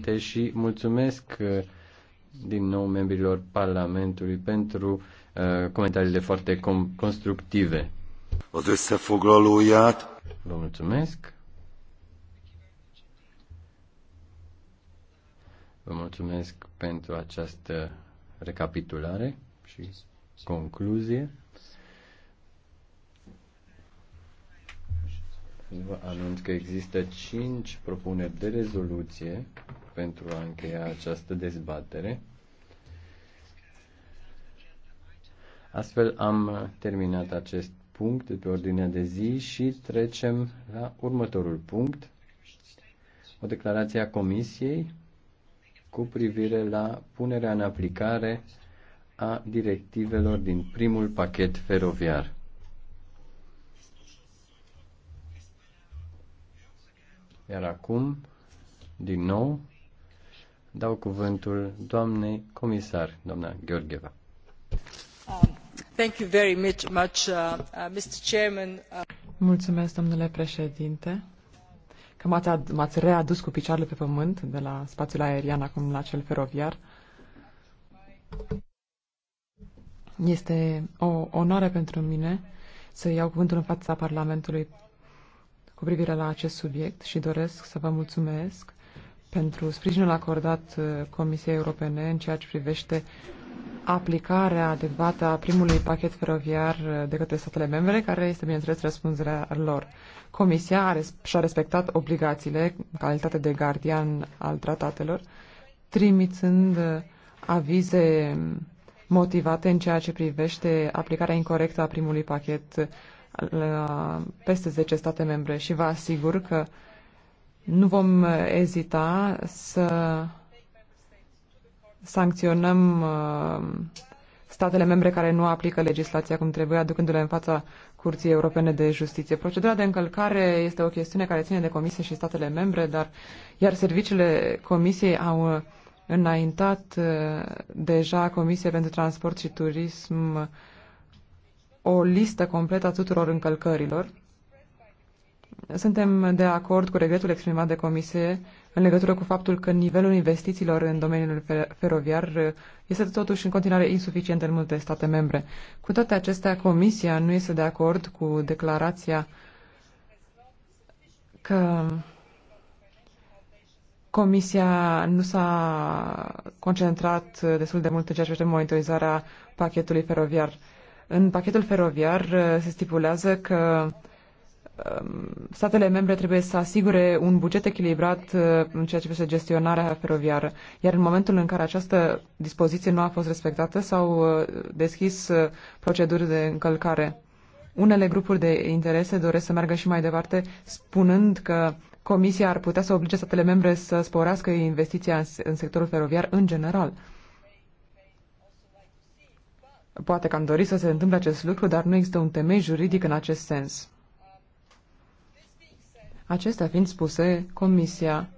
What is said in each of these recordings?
președinte, și mulțumesc uh, din nou membrilor Parlamentului pentru uh, comentariile foarte constructive. Vă mulțumesc. Vă mulțumesc pentru această recapitulare și concluzie. Vă anunț că există cinci propuneri de rezoluție pentru a încheia această dezbatere. Astfel am terminat acest punct de pe ordinea de zi și trecem la următorul punct, o declarație a Comisiei cu privire la punerea în aplicare a directivelor din primul pachet feroviar. Iar acum, din nou, dau cuvântul doamnei comisar, doamna Gheorgheva. Thank you very much, uh, uh Mr. Chairman. Uh, mulțumesc, domnule președinte, că m-ați, readus cu picioarele pe pământ de la spațiul aerian acum la cel feroviar. Este o onoare pentru mine să iau cuvântul în fața Parlamentului cu privire la acest subiect și doresc să vă mulțumesc pentru sprijinul acordat uh, Comisiei Europene în ceea ce privește aplicarea adecvată a primului pachet feroviar uh, de către statele membre, care este, bineînțeles, răspunderea lor. Comisia și-a respectat obligațiile în calitate de gardian al tratatelor, trimițând uh, avize motivate în ceea ce privește aplicarea incorrectă a primului pachet la peste 10 state membre și vă asigur că uh, nu vom uh, ezita să sancționăm uh, statele membre care nu aplică legislația cum trebuie, aducându-le în fața Curții Europene de Justiție. Procedura de încălcare este o chestiune care ține de Comisie și statele membre, dar iar serviciile Comisiei au uh, înaintat deja Comisia pentru Transport și Turism o listă completă a tuturor încălcărilor suntem de acord cu regretul exprimat de comisie în legătură cu faptul că nivelul investițiilor în domeniul feroviar uh, este totuși în continuare insuficient în multe state membre. Cu toate acestea, comisia nu este de acord cu declarația că Comisia nu s-a concentrat destul de mult în ceea ce monitorizarea pachetului feroviar. În pachetul feroviar uh, se stipulează că Um, statele membre trebuie să asigure un buget echilibrat uh, în ceea ce privește gestionarea feroviară. Iar în momentul în care această dispoziție nu a fost respectată, s-au uh, deschis uh, proceduri de încălcare. Unele grupuri de interese doresc să meargă și mai departe, spunând că Comisia ar putea să oblige statele membre să sporească investiția în sectorul feroviar în general. Poate că am dorit să se întâmple acest lucru, dar nu există un temei juridic în acest sens. Acestea fiind spuse, Comisia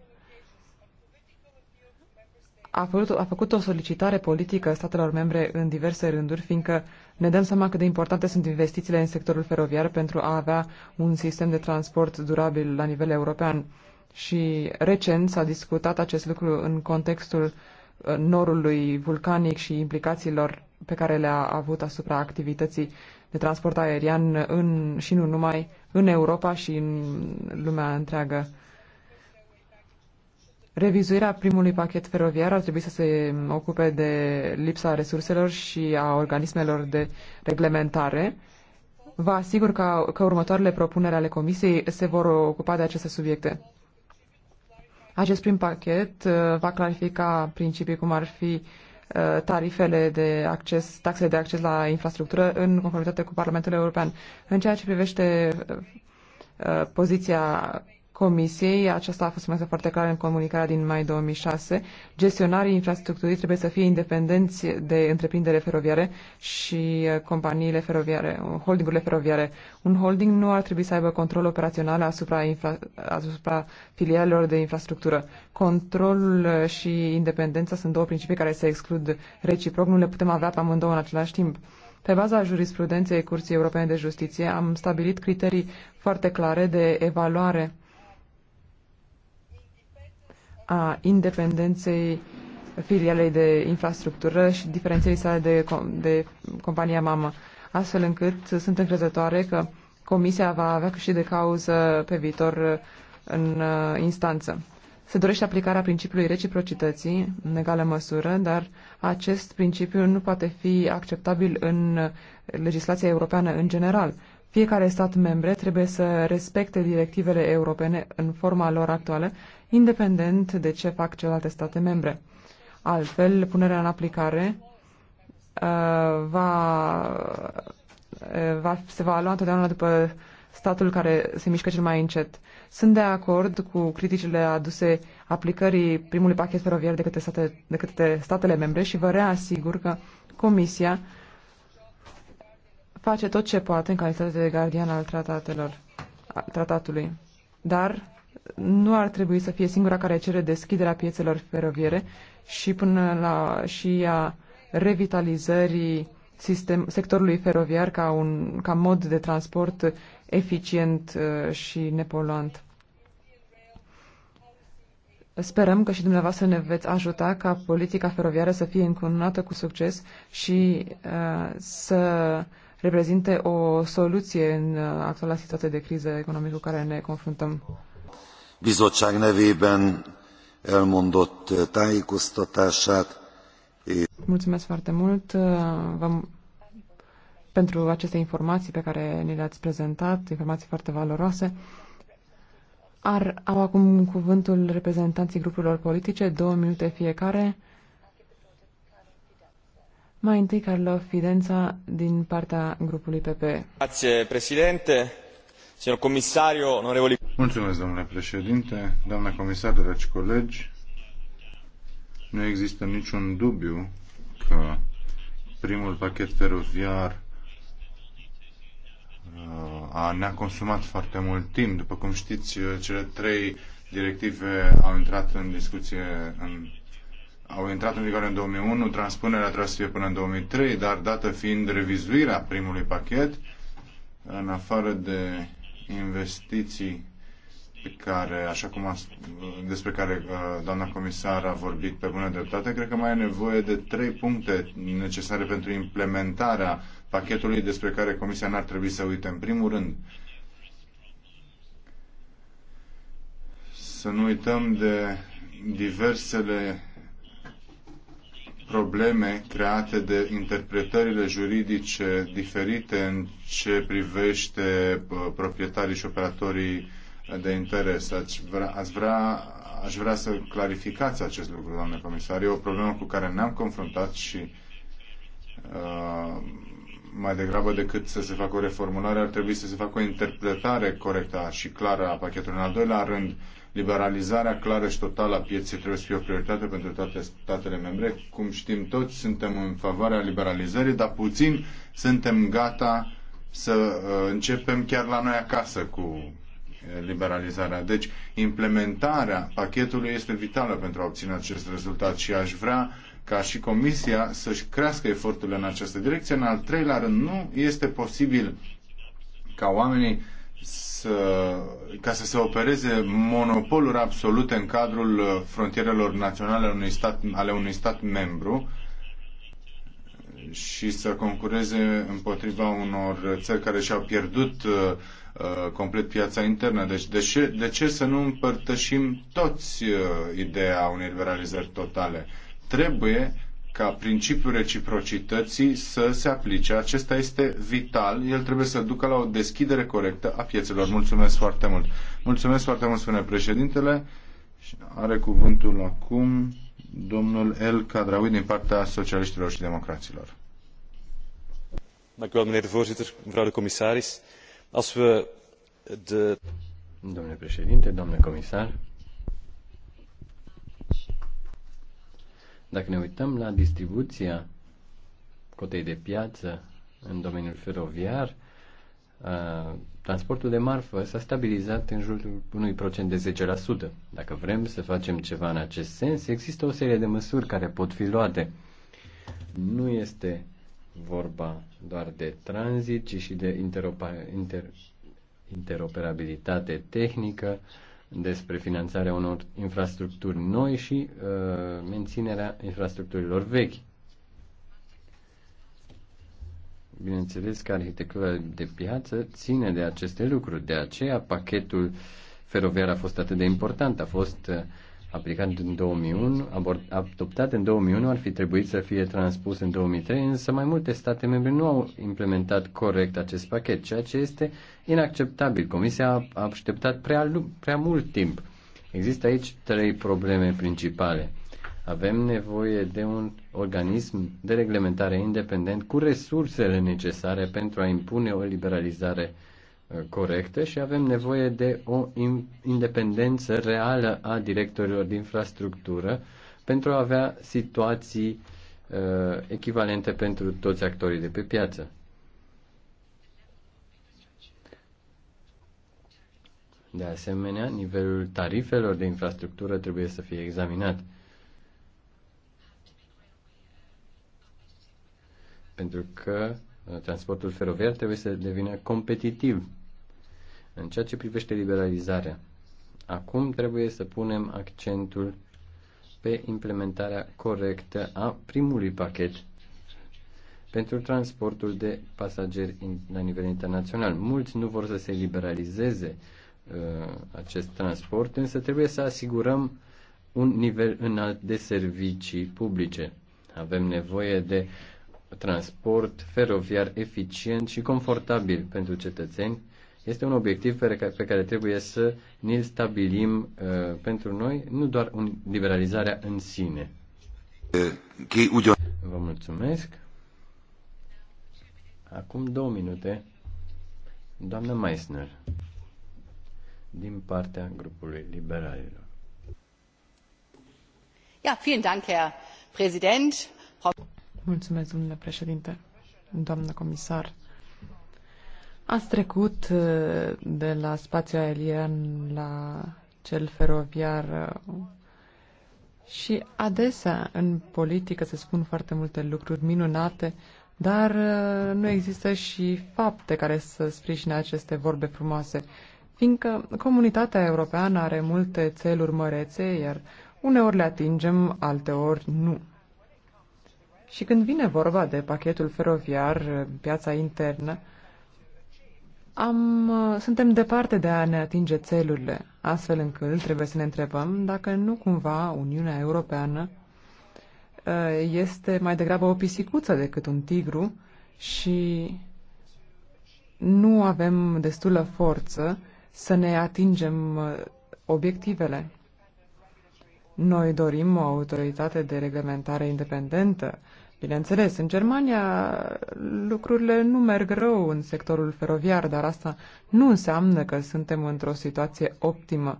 a făcut, a făcut o solicitare politică statelor membre în diverse rânduri, fiindcă ne dăm seama cât de importante sunt investițiile în sectorul feroviar pentru a avea un sistem de transport durabil la nivel european. Și recent s-a discutat acest lucru în contextul uh, norului vulcanic și implicațiilor pe care le-a avut asupra activității de transport aerian în, și nu numai în Europa și în lumea întreagă. Revizuirea primului pachet feroviar ar trebui să se ocupe de lipsa resurselor și a organismelor de reglementare. Vă asigur că, că următoarele propuneri ale Comisiei se vor ocupa de aceste subiecte. Acest prim pachet uh, va clarifica principii cum ar fi Uh, tarifele de acces, taxele de acces la infrastructură în conformitate cu Parlamentul European. În ceea ce privește uh, uh, poziția Comisiei, aceasta a fost mai foarte clar în comunicarea din mai 2006, gestionarii infrastructurii trebuie să fie independenți de întreprindere feroviare și uh, companiile feroviare, uh, holdingurile feroviare. Un holding nu ar trebui să aibă control operațional asupra, infra, asupra filialelor de infrastructură. Controlul uh, și independența sunt două principii care se exclud reciproc, nu le putem avea pe amândouă în același timp. Pe baza jurisprudenței Curții Europene de Justiție am stabilit criterii foarte clare de evaluare a independenței filialei de infrastructură și diferențierii sale de, de compania mamă, astfel încât sunt încrezătoare că Comisia va avea câștig de cauză pe viitor în uh, instanță. Se dorește aplicarea principiului reciprocității în egală măsură, dar acest principiu nu poate fi acceptabil în legislația europeană în general. Fiecare stat membre trebuie să respecte directivele europene în forma lor actuală, independent de ce fac celelalte state membre. Altfel, punerea în aplicare uh, va, uh, va, se va lua întotdeauna după statul care se mișcă cel mai încet. Sunt de acord cu criticile aduse aplicării primului pachet feroviar de către, state, de către statele membre și vă reasigur că Comisia uh, face tot ce poate în calitate de gardian al tratatelor, tratatului, dar nu ar trebui să fie singura care cere deschiderea piețelor feroviere și până la și a revitalizării sistem, sectorului feroviar ca, un, ca mod de transport eficient uh, și nepoluant. Sperăm că și dumneavoastră ne veți ajuta ca politica feroviară să fie încununată cu succes și uh, să reprezinte o soluție în actuala situație de criză economică cu care ne confruntăm. Bizottság nevében elmondott tájékoztatását. Mulțumesc foarte mult pentru aceste informații pe care ni le-ați prezentat, informații foarte valoroase. Ar, au acum cuvântul reprezentanții grupurilor politice, două minute fiecare. Mai întâi, Carlo Fidența, din partea grupului PP. Grazie, președinte. Signor comisario, onorevoli... Mulțumesc, domnule președinte, doamna comisar, dragi colegi. Nu există niciun dubiu că primul pachet feroviar uh, a, ne-a consumat foarte mult timp. După cum știți, uh, cele trei directive au intrat în discuție în au intrat în vigoare în 2001, transpunerea trebuie să fie până în 2003, dar dată fiind revizuirea primului pachet, în afară de investiții pe care, așa cum a, despre care uh, doamna comisar a vorbit pe bună dreptate, cred că mai e nevoie de trei puncte necesare pentru implementarea pachetului despre care Comisia n-ar trebui să uite. În primul rând, să nu uităm de diversele probleme create de interpretările juridice diferite în ce privește uh, proprietarii și operatorii de interes. Aș vrea, aș vrea, aș vrea să clarificați acest lucru, doamne comisar. E o problemă cu care ne-am confruntat și uh, mai degrabă decât să se facă o reformulare, ar trebui să se facă o interpretare corectă și clară a pachetului. În al doilea rând, liberalizarea clară și totală a pieței trebuie să fie o prioritate pentru toate statele membre. Cum știm toți, suntem în favoarea liberalizării, dar puțin suntem gata să uh, începem chiar la noi acasă cu uh, liberalizarea. Deci, implementarea pachetului este vitală pentru a obține acest rezultat și aș vrea ca și Comisia să-și crească eforturile în această direcție. În al treilea rând, nu este posibil ca oamenii să, ca să se opereze monopoluri absolute în cadrul frontierelor naționale ale unui stat, ale unui stat membru și să concureze împotriva unor țări care și-au pierdut uh, uh complet piața internă. Deci de ce, de ce să nu împărtășim toți uh, ideea unei liberalizări totale? trebuie ca principiul reciprocității să se aplice. Acesta este vital. El trebuie să ducă la o deschidere corectă a piețelor. Mulțumesc foarte mult. Mulțumesc foarte mult, spune președintele. Are cuvântul acum domnul El Cadraui din partea socialiștilor și democraților. Dank u wel, meneer de voorzitter, mevrouw de commissaris. Als we de... Domnule președinte, domnule comisar, Dacă ne uităm la distribuția cotei de piață în domeniul feroviar, transportul de marfă s-a stabilizat în jurul unui procent de 10%. Dacă vrem să facem ceva în acest sens, există o serie de măsuri care pot fi luate. Nu este vorba doar de tranzit, ci și de interoperabilitate tehnică, despre finanțarea unor infrastructuri noi și uh, menținerea infrastructurilor vechi. Bineînțeles că arhitectura de piață ține de aceste lucruri, de aceea pachetul feroviar a fost atât de important, a fost uh, aplicat în 2001, abord, adoptat în 2001, ar fi trebuit să fie transpus în 2003, însă mai multe state membre nu au implementat corect acest pachet, ceea ce este inacceptabil. Comisia a așteptat prea, prea mult timp. Există aici trei probleme principale. Avem nevoie de un organism de reglementare independent cu resursele necesare pentru a impune o liberalizare uh, corecte și avem nevoie de o independență reală a directorilor de infrastructură pentru a avea situații uh, echivalente pentru toți actorii de pe piață. De asemenea, nivelul tarifelor de infrastructură trebuie să fie examinat. Pentru că uh, transportul feroviar trebuie să devină competitiv în ceea ce privește liberalizarea, acum trebuie să punem accentul pe implementarea corectă a primului pachet pentru transportul de pasageri la nivel internațional. Mulți nu vor să se liberalizeze uh, acest transport, însă trebuie să asigurăm un nivel înalt de servicii publice. Avem nevoie de transport feroviar eficient și confortabil pentru cetățeni este un obiectiv pe care, pe care trebuie să ne-l stabilim uh, pentru noi, nu doar un, liberalizarea în sine. Vă mulțumesc. Acum două minute, doamna Meissner, din partea grupului liberalilor. Ja, vielen Dank, Herr Präsident. Mulțumesc, domnule președinte, doamnă comisar, Ați trecut uh, de la spațiu aerian la cel feroviar uh, și adesea în politică se spun foarte multe lucruri minunate, dar uh, nu există și fapte care să sprijine aceste vorbe frumoase, fiindcă comunitatea europeană are multe țeluri mărețe, iar uneori le atingem, alteori nu. Și când vine vorba de pachetul feroviar, piața internă, am, uh, suntem departe de a ne atinge țelurile, astfel încât trebuie să ne întrebăm dacă nu cumva Uniunea Europeană uh, este mai degrabă o pisicuță decât un tigru și nu avem destulă forță să ne atingem uh, obiectivele. Noi dorim o autoritate de reglementare independentă, Bineînțeles, în Germania lucrurile nu merg rău în sectorul feroviar, dar asta nu înseamnă că suntem într-o situație optimă.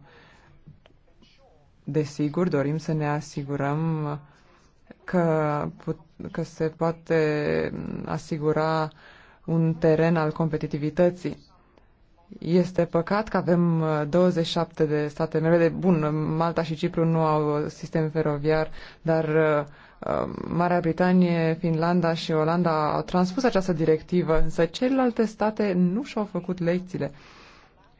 Desigur, dorim să ne asigurăm că, că se poate asigura un teren al competitivității. Este păcat că avem 27 uh, de state membre. Bun, Malta și Cipru nu au sistem feroviar, dar uh, Um, Marea Britanie, Finlanda și Olanda au transpus această directivă, însă celelalte state nu și-au făcut lecțiile.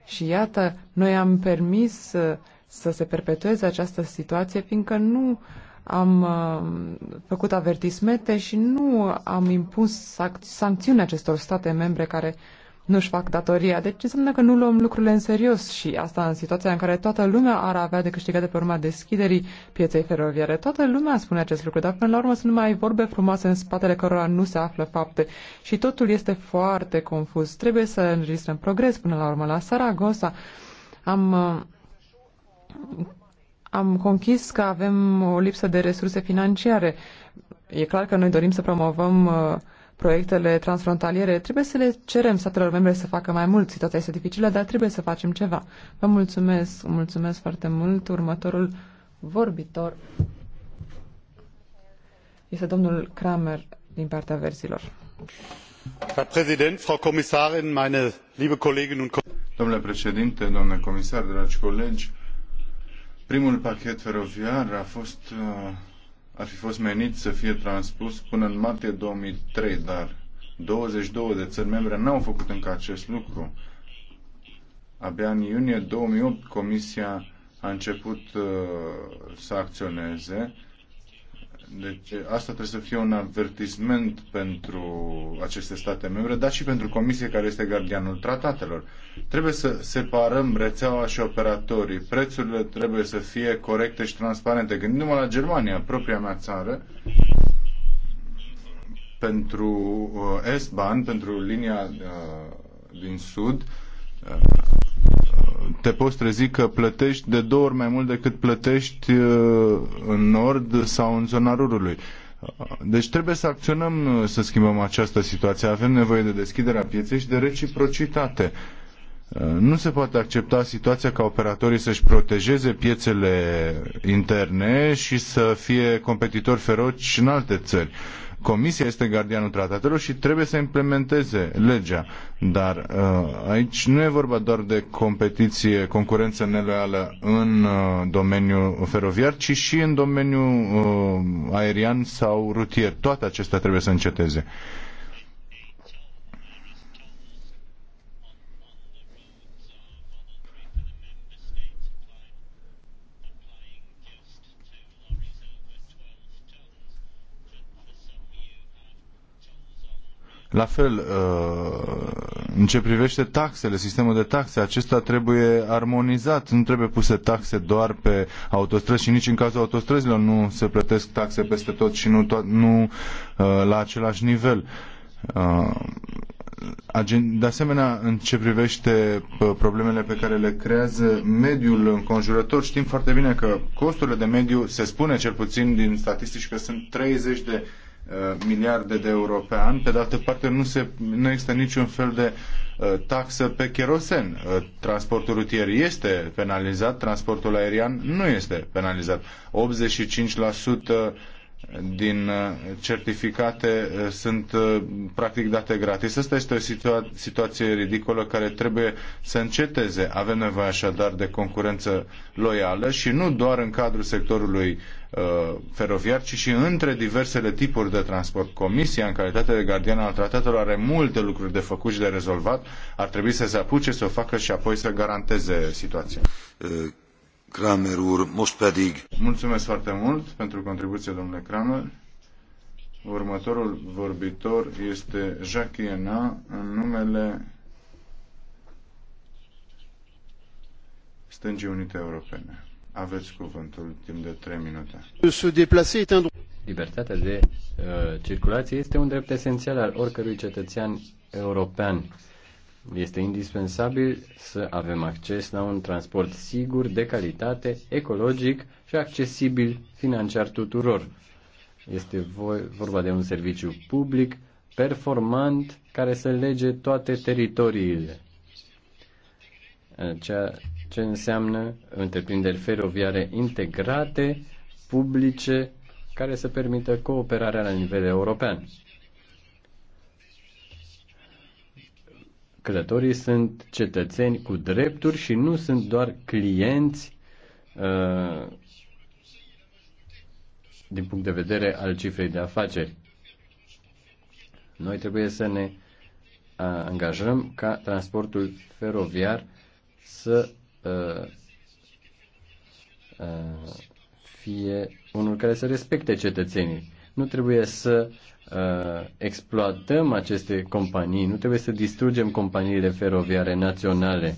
Și iată, noi am permis uh, să, se perpetueze această situație, fiindcă nu am uh, făcut avertismente și nu am impus sancțiuni acestor state membre care uh, nu-și fac datoria. Deci înseamnă că nu luăm lucrurile în serios și asta în situația în care toată lumea ar avea de câștigat de pe urma deschiderii pieței feroviare. Toată lumea spune acest lucru, dar până la urmă sunt mai vorbe frumoase în spatele cărora nu se află fapte și totul este foarte confuz. Trebuie să înregistrăm progres până la urmă. La Saragossa am uh, am conchis că avem o lipsă de resurse financiare. E clar că noi dorim să promovăm uh, proiectele transfrontaliere, trebuie să le cerem statelor membre să facă mai mult. Situația este dificilă, dar trebuie să facem ceva. Vă mulțumesc, mulțumesc foarte mult. Următorul vorbitor este domnul Kramer din partea verzilor. Herr Präsident, Frau Kommissarin, meine liebe Kolleginnen und Kollegen. Domnule președinte, domnule comisar, dragi colegi, primul pachet feroviar a fost uh, ar fi fost menit să fie transpus până în martie 2003, dar 22 de țări membre n-au făcut încă acest lucru. Abia în iunie 2008 Comisia a început uh, să acționeze deci asta trebuie să fie un avertisment pentru aceste state membre, dar și pentru Comisie care este gardianul tratatelor. Trebuie să separăm rețeaua și operatorii. Prețurile trebuie să fie corecte și transparente. Gândindu-mă la Germania, propria mea țară, pentru uh, S-Bahn, pentru linia uh, din sud, uh, te poți trezi că plătești de două ori mai mult decât plătești uh, în nord sau în zona rurului. Deci trebuie să acționăm uh, să schimbăm această situație. Avem nevoie de deschiderea pieței și de reciprocitate. Uh, nu se poate accepta situația ca operatorii să-și protejeze piețele interne și să fie competitori feroci în alte țări. Comisia este gardianul tratatelor și trebuie să implementeze legea. Dar uh, aici nu e vorba doar de competiție, concurență neloială în uh, domeniul feroviar, ci și în domeniul uh, aerian sau rutier. Toate acestea trebuie să înceteze. La fel, uh, în ce privește taxele, sistemul de taxe, acesta trebuie armonizat, nu trebuie puse taxe doar pe autostrăzi și nici în cazul autostrăzilor nu se plătesc taxe peste tot și nu, to- nu uh, la același nivel. Uh, de asemenea, în ce privește problemele pe care le creează mediul înconjurător, știm foarte bine că costurile de mediu, se spune cel puțin din statistici că sunt 30 de Uh, miliarde de euro pe an. Pe de altă parte, nu, se, nu există niciun fel de uh, taxă pe kerosen. Uh, transportul rutier este penalizat, transportul aerian nu este penalizat. 85% din uh, certificate uh, sunt uh, practic date gratis. Asta este o situa- situație ridicolă care trebuie să înceteze. Avem nevoie așadar de concurență loială și nu doar în cadrul sectorului uh, feroviar, ci și între diversele tipuri de transport. Comisia, în calitate de gardian al tratatelor, are multe lucruri de făcut și de rezolvat. Ar trebui să se apuce, să o facă și apoi să garanteze situația. Kramer úr, most pedig... Mulțumesc foarte mult pentru contribuție, domnule Kramer. Următorul vorbitor este Jacques Iena, în numele Stângii Unite Europene. Aveți cuvântul timp de 3 minute. Se deplasa Libertatea de uh, circulație este un drept esențial al oricărui cetățean european este indispensabil să avem acces la un transport sigur, de calitate, ecologic și accesibil financiar tuturor. Este vorba de un serviciu public performant care să lege toate teritoriile. Ceea ce înseamnă întreprinderi feroviare integrate, publice, care să permită cooperarea la nivel european. Călătorii sunt cetățeni cu drepturi și nu sunt doar clienți uh, din punct de vedere al cifrei de afaceri. Noi trebuie să ne angajăm ca transportul feroviar să uh, uh, fie unul care să respecte cetățenii. Nu trebuie să uh, exploatăm aceste companii, nu trebuie să distrugem companiile feroviare naționale.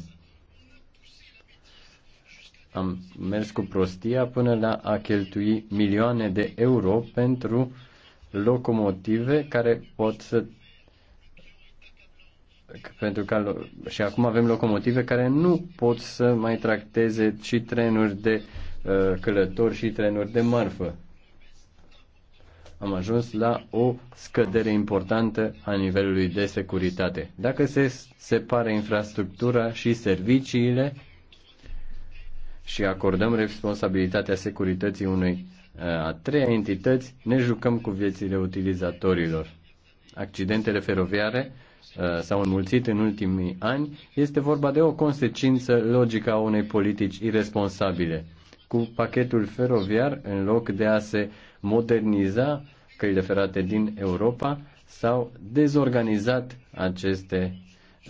Am mers cu prostia până la a cheltui milioane de euro pentru locomotive care pot să pentru că și acum avem locomotive care nu pot să mai tracteze și trenuri de uh, călători și trenuri de marfă am ajuns la o scădere importantă a nivelului de securitate. Dacă se separă infrastructura și serviciile și acordăm responsabilitatea securității unei a treia entități, ne jucăm cu viețile utilizatorilor. Accidentele feroviare s-au înmulțit în ultimii ani, este vorba de o consecință logică a unei politici irresponsabile. Cu pachetul feroviar, în loc de a se moderniza căile ferate din Europa sau dezorganizat aceste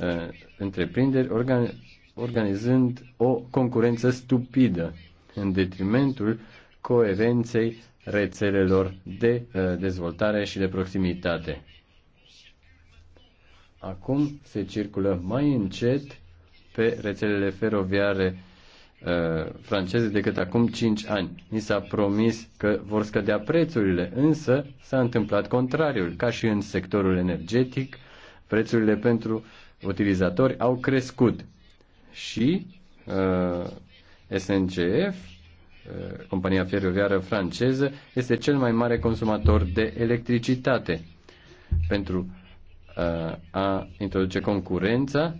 uh, întreprinderi, organ- organizând o concurență stupidă în detrimentul coerenței rețelelor de uh, dezvoltare și de proximitate. Acum se circulă mai încet pe rețelele feroviare Uh, franceze decât acum 5 ani. Ni s-a promis că vor scădea prețurile, însă s-a întâmplat contrariul. Ca și în sectorul energetic, prețurile pentru utilizatori au crescut și uh, SNCF, uh, compania feroviară franceză, este cel mai mare consumator de electricitate. Pentru uh, a introduce concurența,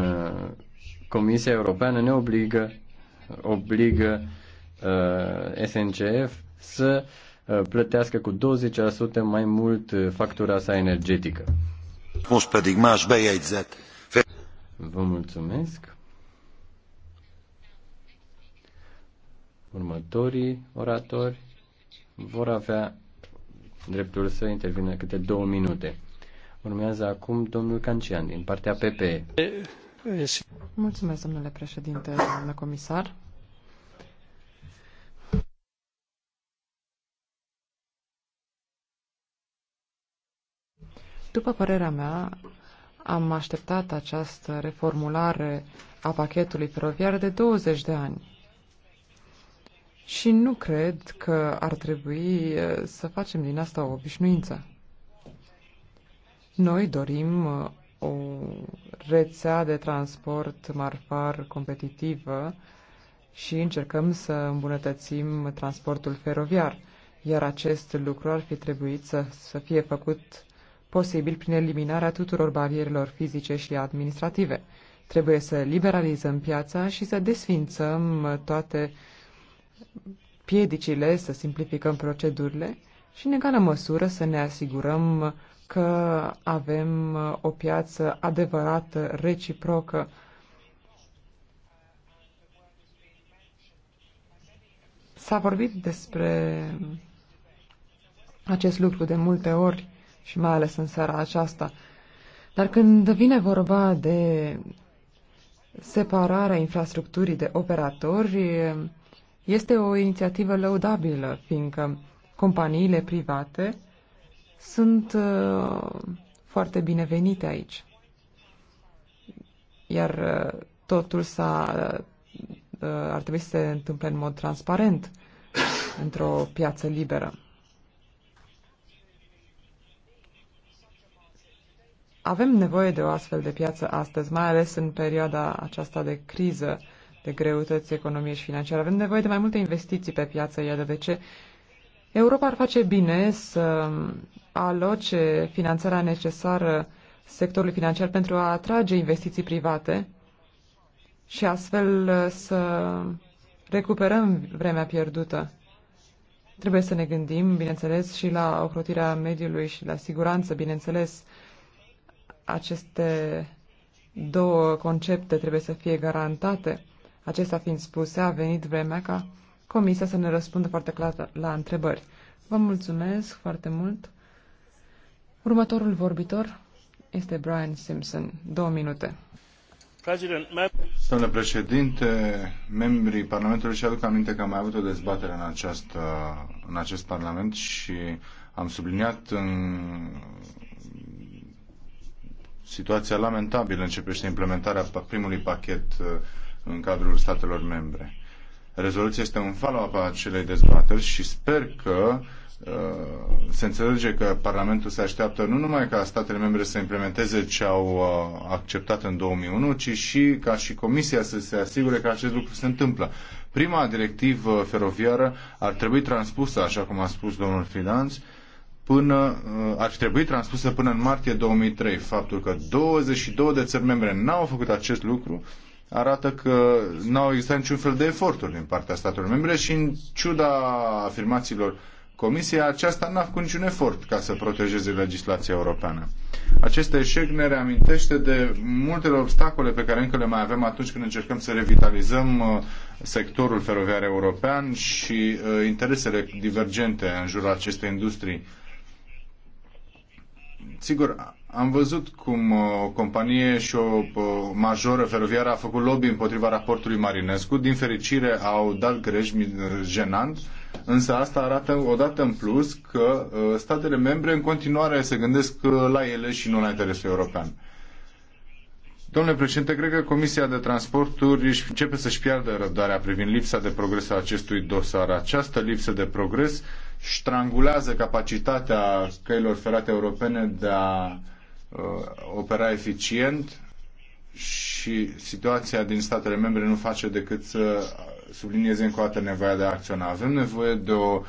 Uh, Comisia Europeană ne obligă, obligă uh, SNCF să uh, plătească cu 20% mai mult factura sa energetică. Vă mulțumesc. Următorii oratori vor avea dreptul să intervină câte două minute. Urmează acum domnul Cancian din partea PPE. Mulțumesc, domnule președinte, domnule comisar. După părerea mea, am așteptat această reformulare a pachetului feroviar de 20 de ani. Și nu cred că ar trebui eh, să facem din asta o obișnuință. Noi dorim eh, o rețea de transport marfar competitivă și încercăm să îmbunătățim transportul feroviar, iar acest lucru ar fi trebuit să, să fie făcut posibil prin eliminarea tuturor barierelor fizice și administrative. Trebuie să liberalizăm piața și să desfințăm toate piedicile, să simplificăm procedurile și, în egală măsură, să ne asigurăm că avem uh, o piață adevărată, reciprocă. S-a vorbit despre acest lucru de multe ori și mai ales în seara aceasta. Dar când vine vorba de separarea infrastructurii de operatori, este o inițiativă lăudabilă, fiindcă companiile private sunt uh, foarte binevenite aici. Iar uh, totul s-a, uh, ar trebui să se întâmple în mod transparent într-o piață liberă. Avem nevoie de o astfel de piață astăzi, mai ales în perioada aceasta de criză, de greutăți economiei și financiare. Avem nevoie de mai multe investiții pe piață, iată de ce Europa ar face bine să aloce finanțarea necesară sectorului financiar pentru a atrage investiții private și astfel uh, să recuperăm vremea pierdută. Trebuie să ne gândim, bineînțeles, și la ocrotirea mediului și la siguranță, bineînțeles. Aceste două concepte trebuie să fie garantate. acesta fiind spuse, a venit vremea ca Comisia să ne răspundă foarte clar la întrebări. Vă mulțumesc foarte mult! Următorul vorbitor este Brian Simpson. Două minute. Domnule președinte, membrii Parlamentului și aduc aminte că am mai avut o dezbatere în, această, în acest Parlament și am subliniat în situația lamentabilă începește implementarea primului pachet uh, în cadrul statelor membre. Rezoluția este un follow-up a acelei dezbateri și sper că uh, Uh, se înțelege că Parlamentul se așteaptă nu numai ca statele membre să implementeze ce au uh, acceptat în 2001, ci și ca și Comisia să se asigure că acest lucru se întâmplă. Prima directivă feroviară ar trebui transpusă, așa cum a spus domnul Filanț, până, uh, ar fi trebuit transpusă până în martie 2003. Faptul că 22 de țări membre n-au făcut acest lucru arată că n-au existat niciun fel de eforturi din partea statelor membre și în ciuda afirmațiilor Comisia aceasta n-a făcut niciun efort ca să protejeze legislația europeană. Acest eșec ne reamintește de multele obstacole pe care încă le mai avem atunci când încercăm să revitalizăm uh, sectorul feroviar european și uh, interesele divergente în jurul acestei industrii. Sigur, am văzut cum uh, o companie și o majoră feroviară a făcut lobby împotriva raportului Marinescu. Din fericire au dat greș jenant Însă asta arată odată în plus că uh, statele membre în continuare se gândesc uh, la ele și nu la interesul european. Domnule președinte, cred că Comisia de Transporturi își începe să-și piardă răbdarea privind lipsa de progres a acestui dosar. Această lipsă de progres ștrangulează capacitatea căilor ferate europene de a uh, opera eficient și situația din statele membre nu face decât să subliniez încă o dată nevoia de a acționa. Avem nevoie de o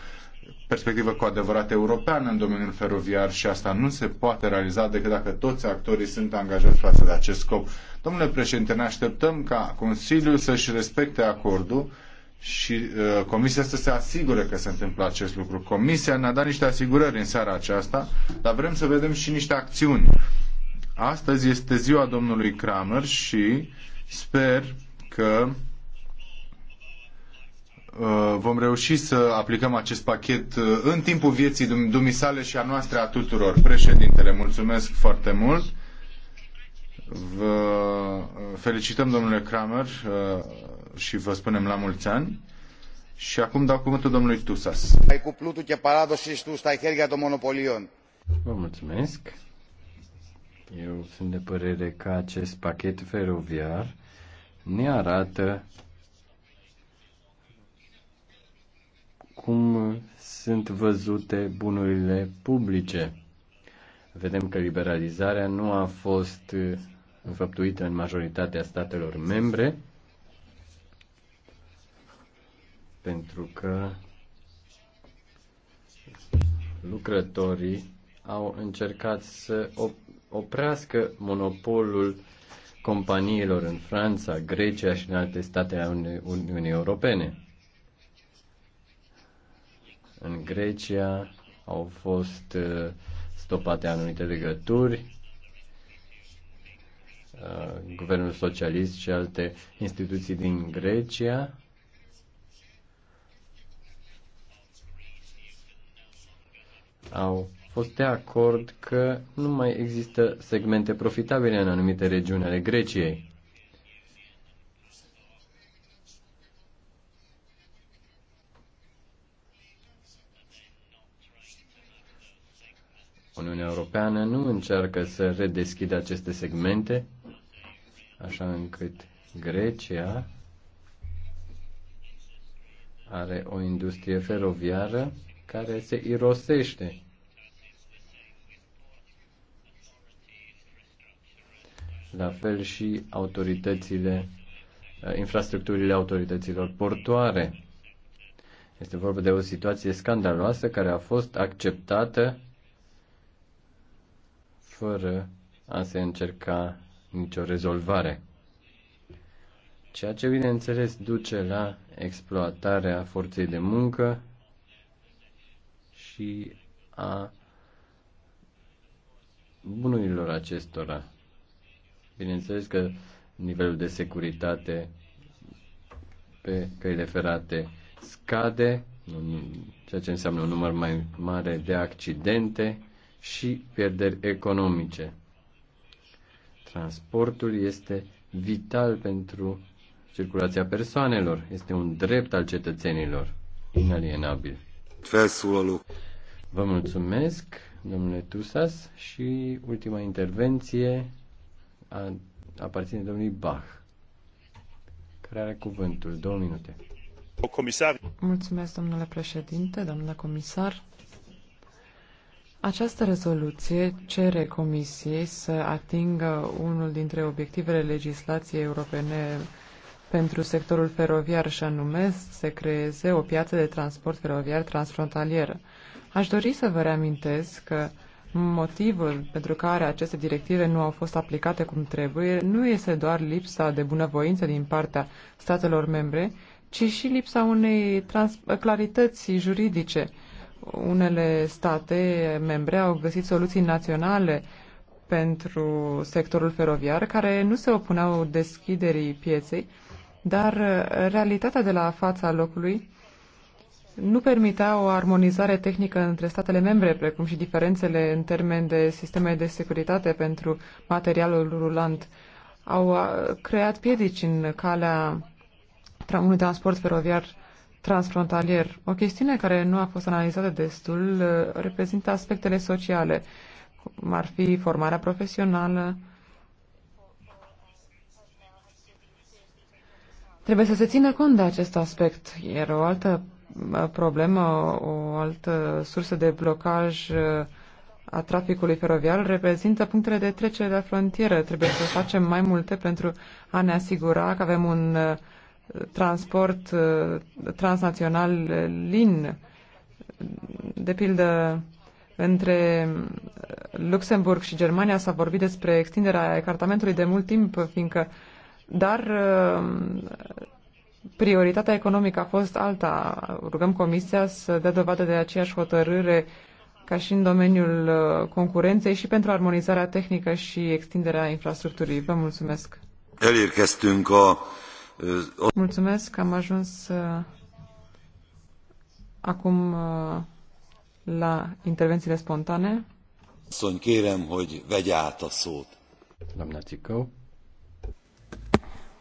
perspectivă cu adevărat europeană în domeniul feroviar și asta nu se poate realiza decât dacă toți actorii sunt angajați față de acest scop. Domnule președinte, ne așteptăm ca Consiliul să-și respecte acordul și uh, Comisia să se asigure că se întâmplă acest lucru. Comisia ne-a dat niște asigurări în seara aceasta, dar vrem să vedem și niște acțiuni. Astăzi este ziua domnului Kramer și sper că Uh, vom reuși să aplicăm acest pachet uh, în timpul vieții dumisale și a noastre a tuturor. Președintele, mulțumesc foarte mult. Vă uh, felicităm, domnule Kramer, și vă spunem la mulți ani. Și acum dau cuvântul domnului Tusas. Ai cu plutul και παράδοση του στα χέρια των monopolion. Vă mulțumesc. Eu sunt de părere că acest pachet feroviar ne arată cum sunt văzute bunurile publice. Vedem că liberalizarea nu a fost înfăptuită în majoritatea statelor membre, pentru că lucrătorii au încercat să oprească monopolul companiilor în Franța, Grecia și în alte state ale Uniunii Europene. În Grecia au fost uh, stopate anumite legături. Uh, Guvernul socialist și alte instituții din Grecia au fost de acord că nu mai există segmente profitabile în anumite regiuni ale Greciei. Uniunea Europeană nu încearcă să redeschidă aceste segmente, așa încât Grecia are o industrie feroviară care se irosește. La fel și autoritățile, eh, infrastructurile autorităților portoare. Este vorba de o situație scandaloasă care a fost acceptată fără a se încerca nicio rezolvare. Ceea ce, bineînțeles, duce la exploatarea forței de muncă și a bunurilor acestora. Bineînțeles că nivelul de securitate pe căile ferate scade, ceea ce înseamnă un număr mai mare de accidente și pierderi economice. Transportul este vital pentru circulația persoanelor, este un drept al cetățenilor, inalienabil. Vă mulțumesc, domnule Tusas, și ultima intervenție a, aparține domnului Bach, care are cuvântul. Două minute. Comisar. Mulțumesc, domnule președinte, domnule comisar. Această rezoluție cere Comisiei să atingă unul dintre obiectivele legislației europene pentru sectorul feroviar și anume să creeze o piață de transport feroviar transfrontalieră. Aș dori să vă reamintesc că motivul pentru care aceste directive nu au fost aplicate cum trebuie nu este doar lipsa de bunăvoință din partea statelor membre, ci și lipsa unei clarități juridice unele state membre au găsit soluții naționale pentru sectorul feroviar care nu se opuneau deschiderii pieței, dar realitatea de la fața locului nu permitea o armonizare tehnică între statele membre, precum și diferențele în termen de sisteme de securitate pentru materialul rulant. Au uh, creat piedici în calea unui transport feroviar transfrontalier. O chestiune care nu a fost analizată destul uh, reprezintă aspectele sociale, cum ar fi formarea profesională. Trebuie să se țină cont de acest aspect, iar o altă uh, problemă, o altă sursă de blocaj uh, a traficului feroviar reprezintă punctele de trecere de frontieră. Trebuie să facem mai multe pentru a ne asigura că avem un uh, transport uh, transnațional uh, lin, de pildă între Luxemburg și Germania s-a vorbit despre extinderea ecartamentului de mult timp, fiindcă, dar uh, prioritatea economică a fost alta. Rugăm Comisia să dea dovadă de aceeași hotărâre ca și în domeniul concurenței și pentru armonizarea tehnică și extinderea infrastructurii. Vă mulțumesc! Elérkeztünk a Mulțumesc, că am ajuns uh, acum uh, la intervențiile spontane. Asszony, kérem, hogy vegye át a szót. Doamna Țicău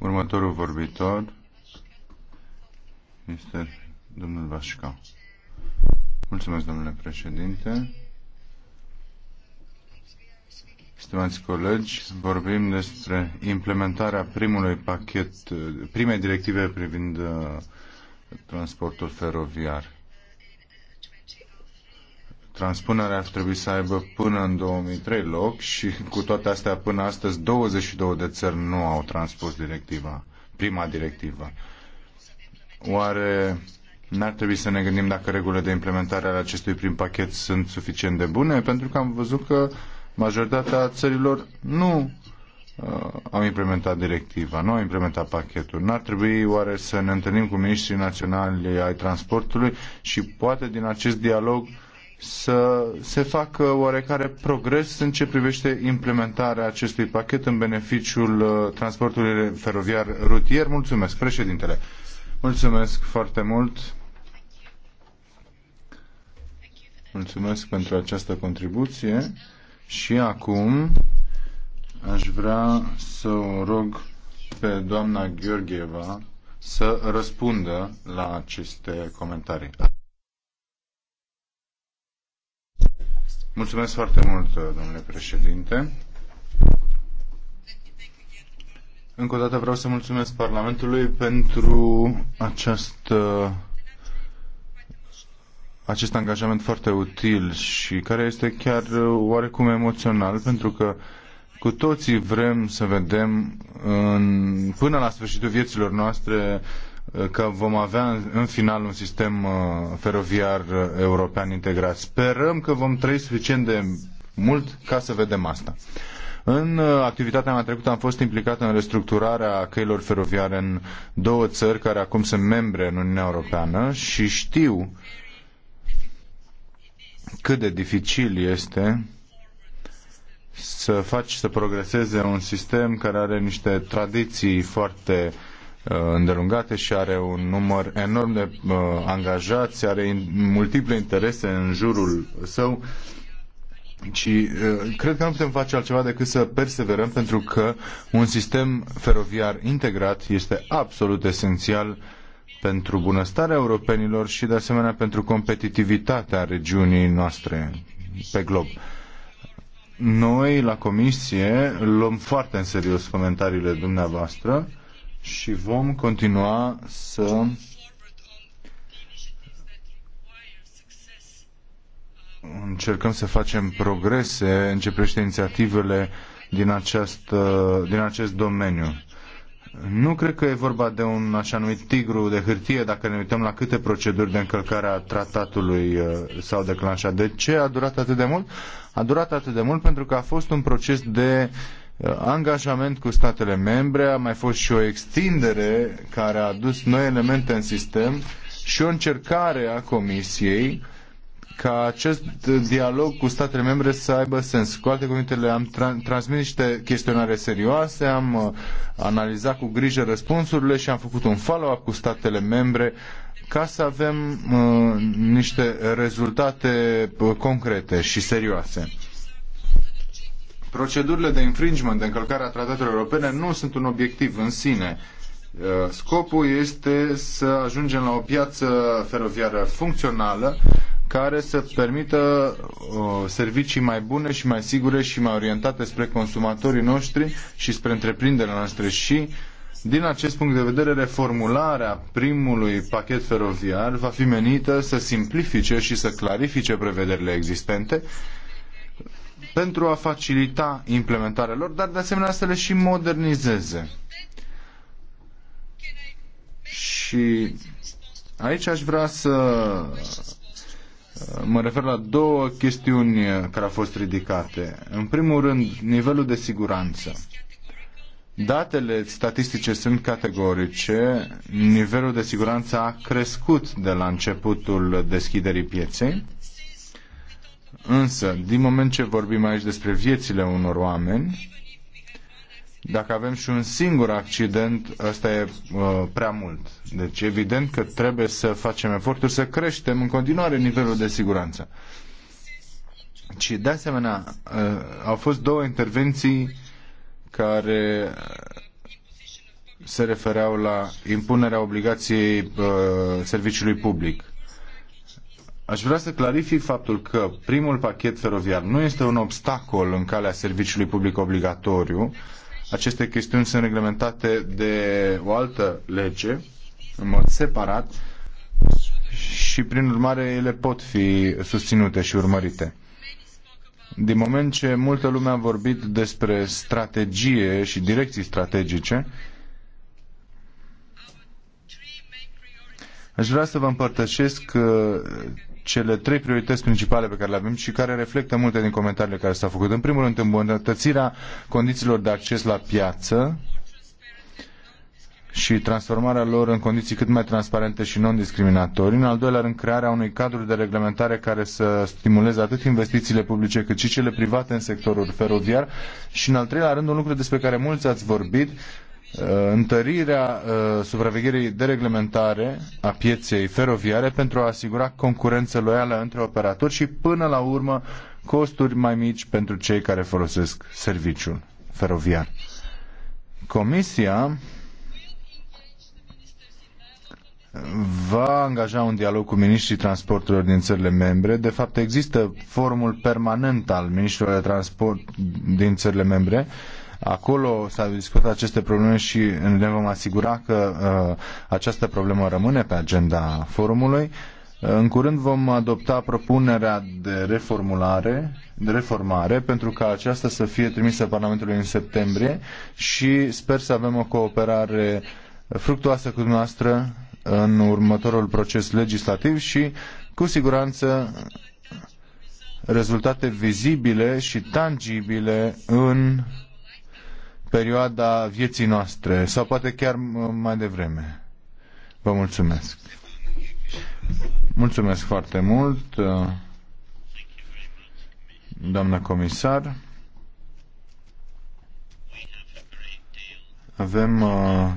Următorul vorbitor este domnul Vașca. Mulțumesc, domnule președinte. Stimați colegi, vorbim despre implementarea primului pachet, primei directive privind uh, transportul feroviar. Transpunerea ar trebui să aibă până în 2003 loc și cu toate astea până astăzi 22 de țări nu au transpus directiva, prima directivă. Oare n-ar trebui să ne gândim dacă regulile de implementare ale acestui prim pachet sunt suficient de bune? Pentru că am văzut că majoritatea țărilor nu uh, au implementat directiva, nu au implementat pachetul. N-ar trebui oare să ne întâlnim cu ministrii naționali ai transportului și poate din acest dialog uh, să se facă oarecare progres în ce privește implementarea acestui pachet în beneficiul uh, transportului feroviar rutier. Mulțumesc, președintele. Mulțumesc foarte mult. Mulțumesc pentru această contribuție și acum aș vrea să o rog pe doamna Gheorgheva să răspundă la aceste comentarii. Mulțumesc foarte mult, domnule președinte. Încă o dată vreau să mulțumesc Parlamentului pentru acest acest angajament foarte util și care este chiar oarecum emoțional, pentru că cu toții vrem să vedem în, până la sfârșitul vieților noastre că vom avea în final un sistem uh, feroviar uh, european integrat. Sperăm că vom trăi suficient de mult ca să vedem asta. În uh, activitatea mea trecută am fost implicat în restructurarea căilor feroviare în două țări care acum sunt membre în Uniunea Europeană și știu cât de dificil este să faci să progreseze un sistem care are niște tradiții foarte Uh, îndelungate și are un număr enorm de uh, angajați, are multiple interese în jurul său și uh, cred că nu putem face altceva decât să perseverăm pentru că un sistem feroviar integrat este absolut esențial pentru bunăstarea europenilor și de asemenea pentru competitivitatea regiunii noastre pe glob. Noi, la Comisie, luăm foarte în serios comentariile dumneavoastră și vom continua să încercăm să facem progrese în ce privește inițiativele din, acest din acest domeniu. Nu cred că e vorba de un așa numit tigru de hârtie dacă ne uităm la câte proceduri de încălcare a tratatului uh, s-au declanșat. De ce a durat atât de mult? A durat atât de mult pentru că a fost un proces de uh, Uh, angajament cu statele membre, a mai fost și o extindere care a adus noi elemente în sistem și o încercare a Comisiei ca acest dialog cu statele membre să aibă sens. Cu alte cuvinte, le-am tra- transmis niște chestionare serioase, am uh, analizat cu grijă răspunsurile și am făcut un follow-up cu statele membre ca să avem uh, niște rezultate uh, concrete și serioase. Procedurile de infringement, de încălcare a tratatelor europene, nu sunt un obiectiv în sine. Uh, scopul este să ajungem la o piață feroviară funcțională care să permită uh, servicii mai bune și mai sigure și mai orientate spre consumatorii noștri și spre întreprinderile noastre și din acest punct de vedere, reformularea primului pachet feroviar va fi menită să simplifice și să clarifice prevederile existente pentru a facilita implementarea lor, dar de asemenea să le și modernizeze. Și aici aș vrea să mă refer la două chestiuni care au fost ridicate. În primul rând, nivelul de siguranță. Datele statistice sunt categorice, nivelul de siguranță a crescut de la începutul deschiderii pieței Însă, din moment ce vorbim aici despre viețile unor oameni, dacă avem și un singur accident, asta e uh, prea mult. Deci, evident că trebuie să facem eforturi să creștem în continuare nivelul de siguranță. Și, de asemenea, uh, au fost două intervenții care se refereau la impunerea obligației uh, serviciului public. Aș vrea să clarific faptul că primul pachet feroviar nu este un obstacol în calea serviciului public obligatoriu. Aceste chestiuni sunt reglementate de o altă lege, în mod separat, și prin urmare ele pot fi susținute și urmărite. Din moment ce multă lume a vorbit despre strategie și direcții strategice, aș vrea să vă împărtășesc uh, cele trei priorități principale pe care le avem și care reflectă multe din comentariile care s-au făcut. În primul rând, îmbunătățirea condițiilor de acces la piață și transformarea lor în condiții cât mai transparente și non-discriminatorii. În al doilea rând, crearea unui cadru de reglementare care să stimuleze atât investițiile publice cât și cele private în sectorul feroviar. Și în al treilea rând, un lucru despre care mulți ați vorbit, Uh, întărirea uh, supravegherii de reglementare a pieței feroviare pentru a asigura concurență loială între operatori și până la urmă costuri mai mici pentru cei care folosesc serviciul feroviar. Comisia va angaja un dialog cu ministrii transporturilor din țările membre. De fapt, există formul permanent al ministrilor de transport din țările membre uh, Acolo s-a discutat aceste probleme și ne vom asigura că uh, această problemă rămâne pe agenda forumului. Uh, în curând vom adopta propunerea de reformulare, de reformare, pentru ca aceasta să fie trimisă Parlamentului în septembrie și sper să avem o cooperare fructuoasă cu dumneavoastră în următorul proces legislativ și cu siguranță rezultate vizibile și tangibile în perioada vieții noastre sau poate chiar mai devreme. Vă mulțumesc. Mulțumesc foarte mult, uh, doamna comisar. Avem uh,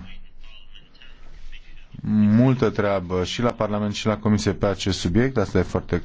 multă treabă și la Parlament și la Comisie pe acest subiect, asta e foarte